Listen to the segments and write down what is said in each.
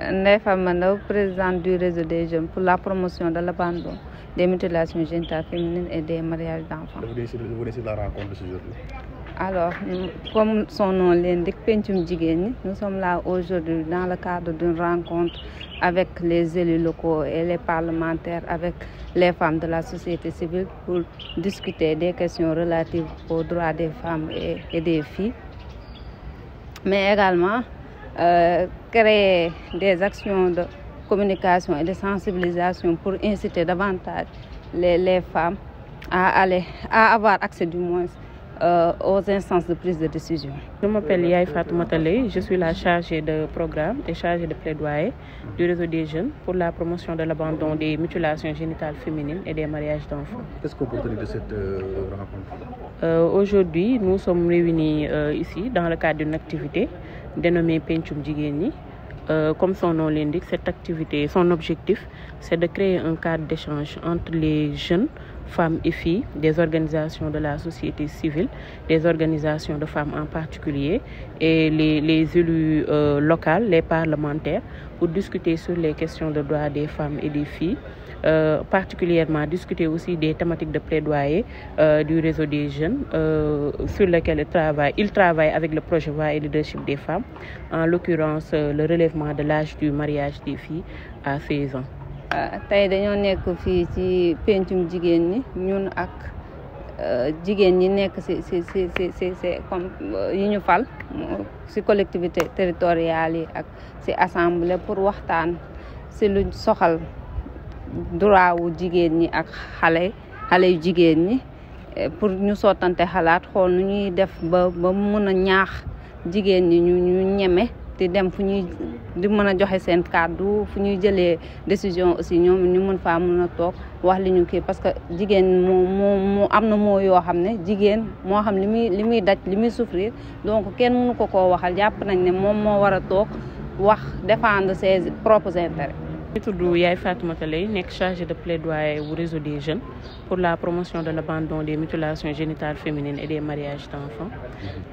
Ndeye Fama Ndao présidente du réseau des jeunes pour la promotion de l'abandon des mutilations génitales féminines et des mariages d'enfants. Vous Alors, comme son nom l'indique, pencum jigéen ñi, nous sommes là aujourd'hui dans le cadre d'une rencontre avec les élus locaux et les parlementaires, avec les femmes de la société civile pour discuter des questions relatives aux droits des femmes et, et des filles. Mais également euh, créer des actions de communication et de sensibilisation pour inciter davantage les, les femmes à aller, à avoir accès du moins euh, aux instances de prise de décision. Je m'appelle Yaï Fatou je suis la chargée de programme et chargée de plaidoyer du réseau des jeunes pour la promotion de l'abandon des mutilations génitales féminines et des mariages d'enfants. Qu'est-ce que vous euh, euh, Aujourd'hui, nous sommes réunis euh, ici dans le cadre d'une activité dénommée Penchum Djigeni. Euh, comme son nom l'indique, cette activité, son objectif, c'est de créer un cadre d'échange entre les jeunes, femmes et filles, des organisations de la société civile, des organisations de femmes en particulier, et les, les élus euh, locaux, les parlementaires, pour discuter sur les questions de droits des femmes et des filles. Euh, particulièrement discuter aussi des thématiques de plaidoyer euh, du réseau des jeunes euh, sur lequel il travaille il travaille avec le projet Voix et leadership des femmes en l'occurrence le relèvement de l'âge du mariage des filles à 16 ans tey dañoo nekk fii ci pencum jigéen ñi ñun ak jigéen ñi nekk si si si si si si comme yi ñu fal si collectivité territoriale yi ak si assemblée pour waxtaan si lu soxal droit wu jigéen ñi ak xale xale yu jigéen ñi eh, pour ñu sottante xalaat xool nu ñuy def ba ba mun a ñaax jigéen ñi ñu ñu ñeme te dem fu ñuy di mën a joxe seen kàddu fu ñuy jëlee décision aussi ñoom ñu mën faa mën a toog wax li ñu kii parce que jigéen moo am na moo yoo xam ne jigéen moo xam li muy li muy daj li muy souffrir donc kenn mënu ko koo waxal jàpp nañ ne moom moo war a toog wax défendre ses propres intérêts ñu tudd Yaay Fatoumata Leye nekk chargée de plaidoyer wu réseau des jeunes pour la promotion de l'abandon des mutilations génitales féminines et des mariages d'enfants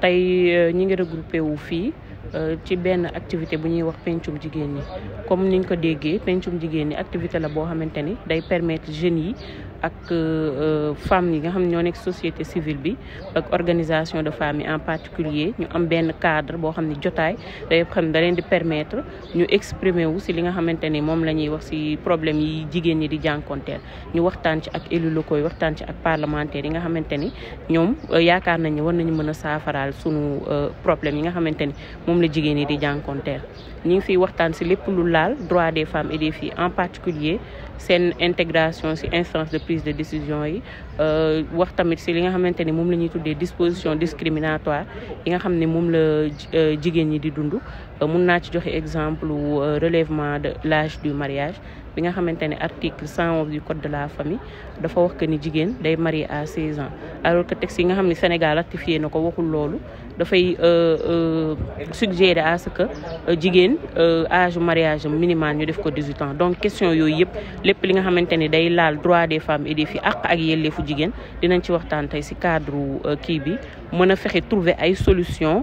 tey euh, ñi ngi regroupé wu fii euh, ci benn activité bu ñuy wax pencum jigéen ñi comme ni niñ ko déggee pencum jigéen ñi activité la boo xamante ni day permettre jeunes yi ak euh, femmes yi nga xam ne ñoo nekk société civile bi ak organisation de femmes yi en particulier ñu am benn cadre boo xam ni jotaay day xam di permettre ñu exprimer wu si li nga xamante ni moom la ñuy wax si problème yi jigéen ñi di jànkonteel ñu waxtaan ci ak élus locaux yi ci ak parlementaires yi nga xamante ni ñoom euh, yaakaar nañ ne war nañu mën a saafaraal sunu euh, problème yi nga xamante ni moom la jigéen ñi di jànkonteel ñu ngi waxtaan si lépp lu laal droit des femmes et des filles en particulier seen intégration si instance prise de décision yi euh, wax tamit si li nga xamante ni moom la ñuy tuddee disposition discriminatoire yi nga xam ne moom la euh, jigéen ñi di dund euh, mun naa ci joxe exemple relèvement de l'âge du mariage bi nga xamante ne article 111 du code de la famille dafa wax que ni jigéen day marié à 16 ans alors que texte yi nga xam ne Sénégal ratifié na ko waxul loolu dafay euh, euh, suggérer à ce que euh, jigéen âge mariage am minimal ñu def ko 18 ans donc question yooyu yëpp lépp li nga xamante ni day laal droit des femmes et des filles ak ak yelleefu jigéen dinañ ci waxtaan tey si cadre kii bi mën a fexe trouver ay solution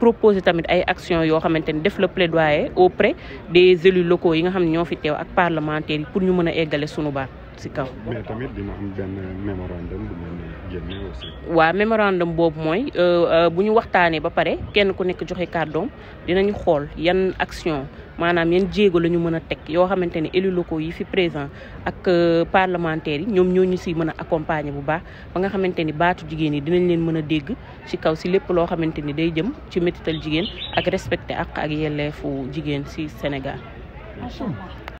proposer tamit ay actions yoo xamante ni def la au auprès des élus locaux yi nga xam ne ñoo fi teew ak parlementaires yi pour ñu mën a eggale sunu baat si kaw. mais tamit dina am benn mémorandum bu ngeen génne aussi. boobu mooy euh, euh, bu ñu waxtaanee ba pare kenn ku nekk joxe kàddoom dinañu xool yan action maanaam yan jéego la ñu mën a teg yoo xamante ni élus locaux yi fi présent ak euh, parlementaires yi ñoom ñoo ñu si mën a accompagner bu baax ba nga xamante ni baatu jigéen yi dinañ leen mën a dégg ci kaw si lépp loo xamante ni day jëm ci métital jigéen ak respecté ak ak yelleefu jigéen si Sénégal.